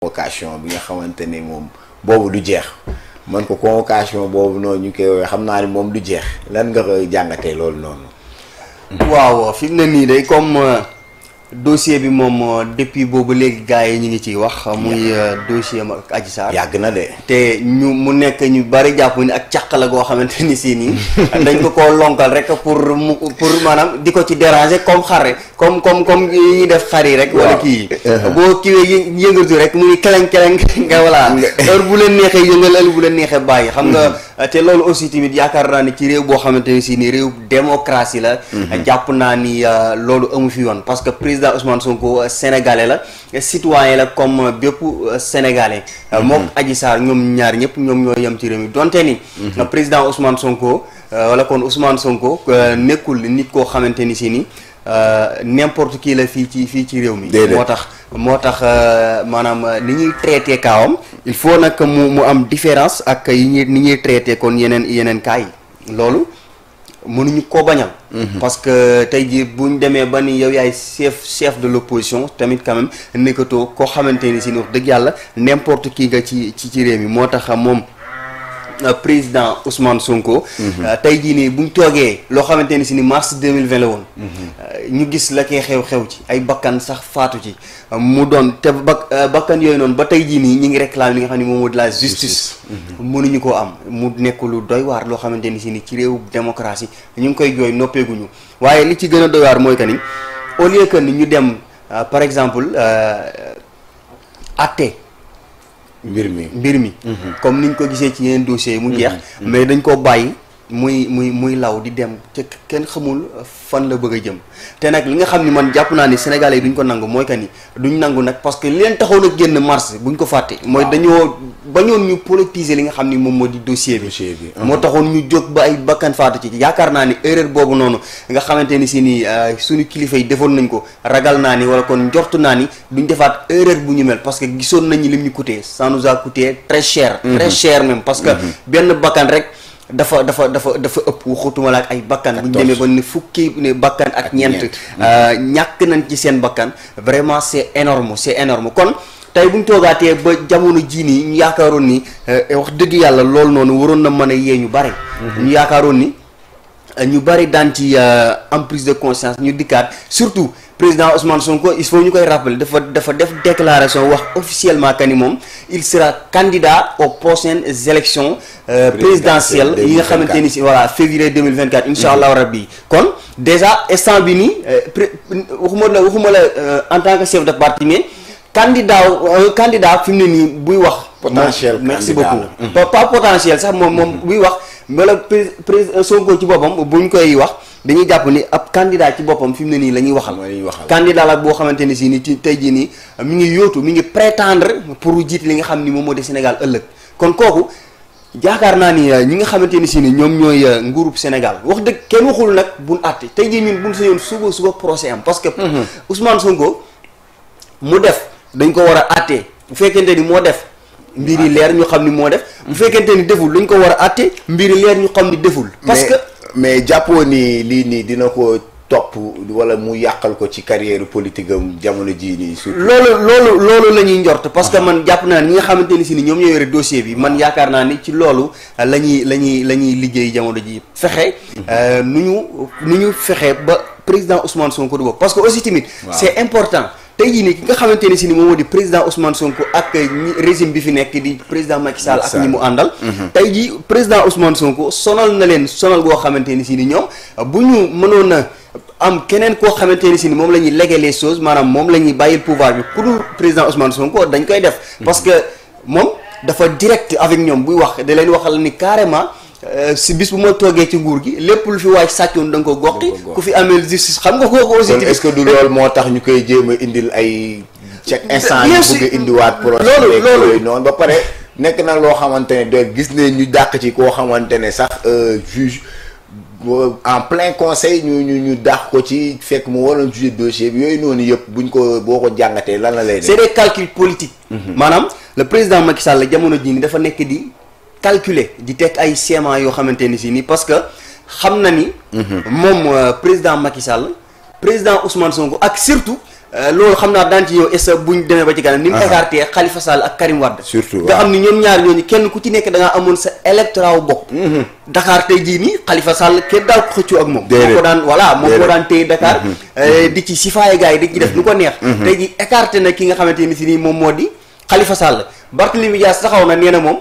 convocation bi nga xamante ni moom boobu du jeex man ko convocation boobu noonu ñu koy woowee xam naa ni moom du jeex lan nga koy jàngatee loolu noonu. waaw fi ne nii day comme. Euh, dossier bi moom euh, depuis boobu léegi gars yi ñu ngi ciy wax muy euh, dossier am ak Adji Sarr yàgg na de te ñu mu nekk ñu bari jàpp ni ak càq goo xamante ni si nii dañ ko koo rek pour mu pour maanaam di ko ci déranger comme xare comme comme comme def xar yi rek wala kii uh-huh. boo kiiwee yëngatu rek muy keleng keleng nga voilà heure bu leen neexee yëngal heure bu leen neexee xam nga mm-hmm. loolu aussi tamit yaakaar naa ni ci réew boo xamante ni si nii réew démocratie la mm-hmm. jàpp naa ni euh, loolu amu fi yoon parce que président Ousmane Sonko euh, sénégalais la euh, citoyen la comme euh, bépp sénégalais. Mhm. moom aji Sarr ñoom ñaar ñëpp ñoom ñoo yem ci réew mi donte ni. Mhm. président Ousmane Sonko wala kon Ousmane Sonko nekkul nit koo xamante ni si ni n'importe kii la fii ci fii ci réew mi. moo tax moo tax maanaam ni ñuy traité kaawam. il faut nag mu am différence ak yi ni ñuy traité kon yeneen yeneen kaay yi loolu. mënuñu koo bañal. Mhm. parce que tey jii bu ñu demee ba ni yow yaay chef chef de l' opposition tamit quand même nekkatoo koo xamante ni si wax dëgg yàlla n' importe kii nga ci ci ci réew mi moo tax moom. Euh, président Ousmane Sonko. Mhm. Euh, tey jii nii buñ toogee loo xamante ni si ni mars 2020 la woon. Mhm. Euh, ñu gis la koy xew-xew ci ay bakkan sax faatu ci mu doon te bakkan yooyu noonu ba tey jii nii ñu ngi réclamer li nga xam ne moom moo de la justice. Mhm. mënuñu koo am mu nekkulu lu doy waar loo xamante ni si ni ci réewu démocratie ñu ngi koy jooy noppeeguñu waaye li ci gën a doy mooy que ni au lieu que ni ñu dem par exemple atte. mbir mi mbir mi. Mhm. comme ni ñu ko gisee ci yeneen dossiers yi mu jeex. Mhm. mais dañ koo bàyyi. muy muy muy law di dem te kenn xamul fan la bëgg a jëm te nag li nga xam ni man jàpp naa ni sénégalais yi duñ ko nangu mooy que ni duñ nangu nag parce que li leen taxoon a génn mars buñ ko fàtte. mooy dañoo bañoon ñu politiser li nga xam ni moom moo di dossier bi. Uh-huh. moo taxoon ñu jóg ba ay bakkan faatu ci yaakaar naa ni erreur boobu noonu nga xamante ni si ni uh, suñu kilifa yi defoon nañ ko ragal naa ni wala kon njortu naa ni duñ defaat erreur bu ñu mel parce que gisoon nañ lim ñu coûté ça a coûté très cher. Mm-hmm. très cher parce que mm-hmm. benn bakkan rek. dafa dafa dafa dafa ëpp waxutuma la ak ay bakkan bu ñu demee ba ne fukki ne ak ñeent euh, ñàkk nañ ci seen bakkan vraiment c'est énorme c'est énorme kon tey bu ñu toogaatee ba jamono jii nii ñu yaakaaroon ni euh, wax dëgg yàlla loolu noonu waroon na mën a yee ñu bare mhm. ñu yaakaaroon ni euh, ñu bari daan ci am prise de conscience ñu dikkaat surtout président Ousmane Sonko il faut ñu koy rappeler dafa dafa def déclaration wax officiellement que ni moom il sera candidat aux prochaines élections euh, présidentielles yi nga xamante ni si voilà février 2024 incha mhm. allahu rabbi kon déjà instant bi nii euh, waxuma la waxuma la euh, en tant que chef de parti mais candidat candidat fi mu ne nii buy wax potentiel merci beaucoup mhm. pas pas potentiel sax moom moom mhm. buy wax wala pré Sonko ci boppam bu koy wax dañuy jàpp ni candidat ci boppam fi mu ne nii la ñuy waxal candidat la boo xamante ni ci tey jii nii mi ngi yóotu mi ngi prétendre pour jiite li nga xam ni moo di Sénégal ëllëg naa ni ñi nga xamante ni si ni ñoom ñooy euh, nguurub Sénégal wax dëgg kenn waxul nag buñ àtte tey jii ñun buñ sañoon suba suba procès am parce que mhm. Ousmane Sonko mu def dañ ko war a àtte bu fekkente ni moo def mbir yi leer ñu xam ni moo def bu fekkente ni deful dañ ko war a àtte mbir yi leer ñu xam ni deful parce mais jàppoo ni lii nii dina ko topp wala mu yàqal ko ci carrière politique am jamono jii nii. su loolu loolu loolu la ñuy njort. parce que ah. man jàpp naa ñi nga xamante ni si ni ñoom ñoo yore dossier bi man yaakaar naa ni ci loolu lañuy ñuy la ñuy la liggéey jamono ji fexe. Mhm. Euh, nu ñu nu ñu fexe ba président Ousmane Sonko du bokk parce que aussi tamit. c'est important. tey jii nii ki nga xamante ni si ni moom moo di président Ousmane Sonko ak régime bi fi nekk di président Macky Sall ak ñi mu àndal. Mm-hmm. tey jii président Ousmane Sonko sonal na leen sonal goo xamante ne si ni ñoom bu ñu mënoon am keneen koo xamante ne si ni moom la ñuy léguer les maanaam moom la ñuy bàyyil pouvoir bi ku dul président Ousmane Sonko dañ koy def. Mm-hmm. parce que moom dafa direct avec ñoom buy wax da leen waxal ni carrément. Euh, si bis bu ma toogee ci nguur gi lépp lu fi waay sàccoon da nga ko goqi ku fi amee justice xam nga kooku ko tamit est-ce que du loolu moo tax ñu koy jéem a indil ay. check instant yi bëgg a indiwaat. loolu loolu ba pare nekk na loo xamante ne doy gis ne ñu dàq ci koo xamante ne sax euh, juge euh, en plein conseil ñu ñu ñu dàq ko ci fekk mu waroon juger dossier bi yooyu noonu yëpp buñ ko boo ko jàngatee lan la lay def. c'est des calculs politiques. Mhm. maanaam le président Macky Sall jamono jii dafa nekk di. calculer di tek ay schéma yoo xamante ni si nii parce que xam na ni. moom euh, président Macky Sall président Ousmane Sonko ak surtout. Euh, loolu xam naa daan ci yow est-ce buñ demee ba ci kanam. ni mu écarté Khalifa Sall ak Karim Wade. surtout nga xam ni kenn ku ci nekk da amoon sa électorat wu bopp. Mhm. Dakar tey jii nii Khalifa Sall kenn daal ko xëccoo moom. moo daan voilà moo ko daan téye Dakar. Mhm. Euh, di ci sifaaye gars yi di ci def mhm. lu ko neex. tey jii écarté na ki nga xamante ni si nii moom moo di Khalifa Sall Barthélémy Dias taxaw na nee na moom.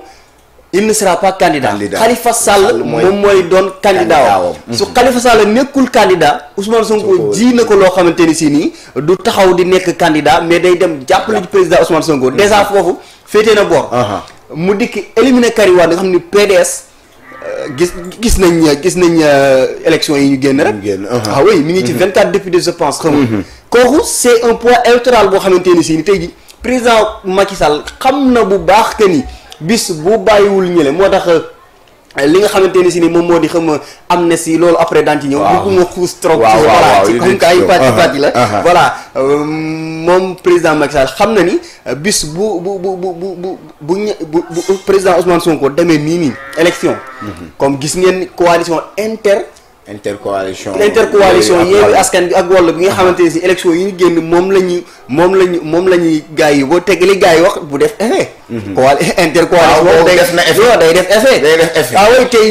il ne sera pas candidat Khalifa Sall moom mooy doon candidat wam su Khalifa Sall nekkul candidat Ousmane Sonko ji na ko loo xamante ni si nii du taxaw di nekk candidat mais day dem jàppale ji président Ousmane Sonko déjà mm-hmm. foofu féetee na boor mu dikk éliminer Karim nga xam ni PDS euh, gis gis nañ gis nañ euh, élection yi ñu génn rek ah oui mi ngi ci 24 mm-hmm. députés je pense xam mm-hmm. nga kooku c'est un poids électoral boo xamante ni si nii tey ji président Macky Sall xam na bu baax que bis bu bàyyiwul ñële moo tax euh, li nga xamante ni si ni moom moo di xam am na si loolu après daan ci ñëw. waaw bëgguma xuus trop. waaw waaw ci comme ay pàcc pàcc la. voilà euh, moom président Macky Sall xam na ni euh, bis bu bu bu bu bu bu bu bu président Ousmane Sonko demee nii nii élection. Mhm. comme gis ngeen coalition inter. intercoalition intercoalition Yewwi Askan Wi ak Wallu bi nga xamante ne si élection yi ñu génn moom la ñu moom la ñu moom la ñuy gars yi boo tegalee gars yi wax bu def effet. Mhm. coal intercoalition day day def effet. day def effet waaw ah tey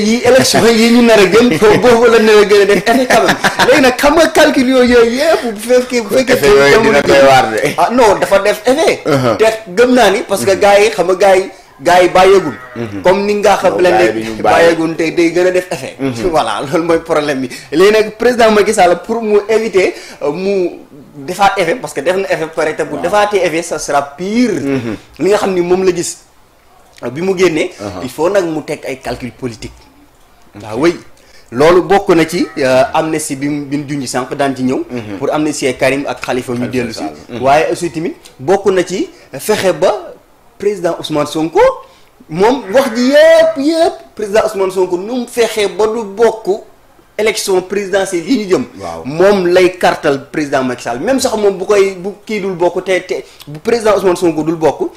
yi ñu nar a gën boobu la nar a gën a def effet quand même nag xam nga calcul yooyu yëpp bu fekkee bu fekkee. effet dina doy waar de. ah non dafa def effet. te gëm naa ni parce que mhm. gars xam nga gars yi bàyyeegul. Mhm. comme ni nga xam ne léegi bàyyeegul te day gën a def effet. Mhm. voilà loolu mooy problème bi léegi nag président Macky Sall pour mu éviter euh, mu defaat effet parce que def na effet pare te defaate defaatee effet ça sera pire. Mhm. li nga xam ni moom la gis euh, bi mu génnee. Uh-huh. il faut nag mu teg ay calcul politique. waaw wéy. Ah loolu bokk na ci am euh, amnistie bi bi ñu junj sànq daan ci ñëw. pour amnistier Karim ak Khalifa ñu dellu si. waaye aussi tamit bokk na ci fexe ba. président Ousmane Sonko moom wax ji yëpp yëpp président Ousmane Sonko nu mu feexee ba du bokk élection présidentielle yi ñu jëm. moom lay kartal président Macky Sall sax moom bu koy bu kii dul bokk te te bu président usman Sonko dul bokk.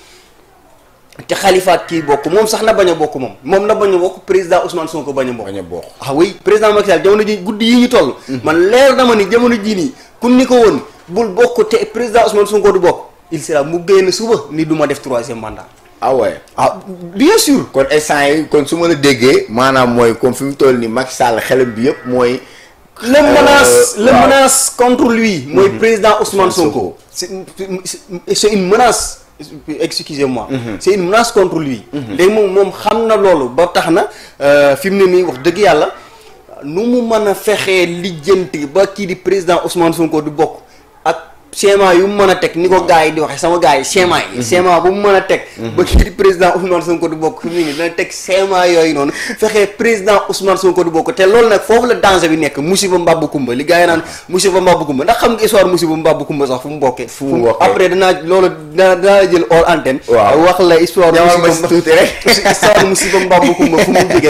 te Khalifa kii bokk moom sax na bañ bokk moom moom na bañ a bokk président Ousmane Sonko bañ a bokk. bañ a ah oui président Macky Sall jamono ji guddi yi ñu toll. Mhm. man leer na ma ni jamono jii nii ku ni ko woon bul bokk te président Ousmane Sonko du bokk. il sera mu génn suba ni duma def troisième mandat. ah ouais ah, bien sûr. kon instant yi kon su ma la déggee maanaam mooy comme fi toll nii Macky Sall xelam bi yëpp mooy. la euh, menace la menace contre lui. Mhm. Sonko. c'est c'est une menace. Mhm. Mhm. léegi moom xam na loolu ba tax na euh, fi mu ne nii wax dëgg yàlla nu mu mën a fexee lijjanti ba kii di président Ousmane Sonko di bokk. schéma yu mu mën a teg ni ko gars yi di waxee sama gars yi schéma yi mhm. schéma bu mu mën a teg mhm. ba kii di président Ousmane Sonko du bokk fi mu ne dina teg schéma yooyu noonu fexee président Ousmane Sonko du bokk te loolu nag foofu la danger bi nekk musiba mbabbu kumba li gars yi naan musiba mbabbu kumba ndax xam nga histoire musiba mbabbu kumba sax fu mu bokkee fu mu bokkee après danaa loolu danaa jël hors antenne wax la histoire musiba mbabbu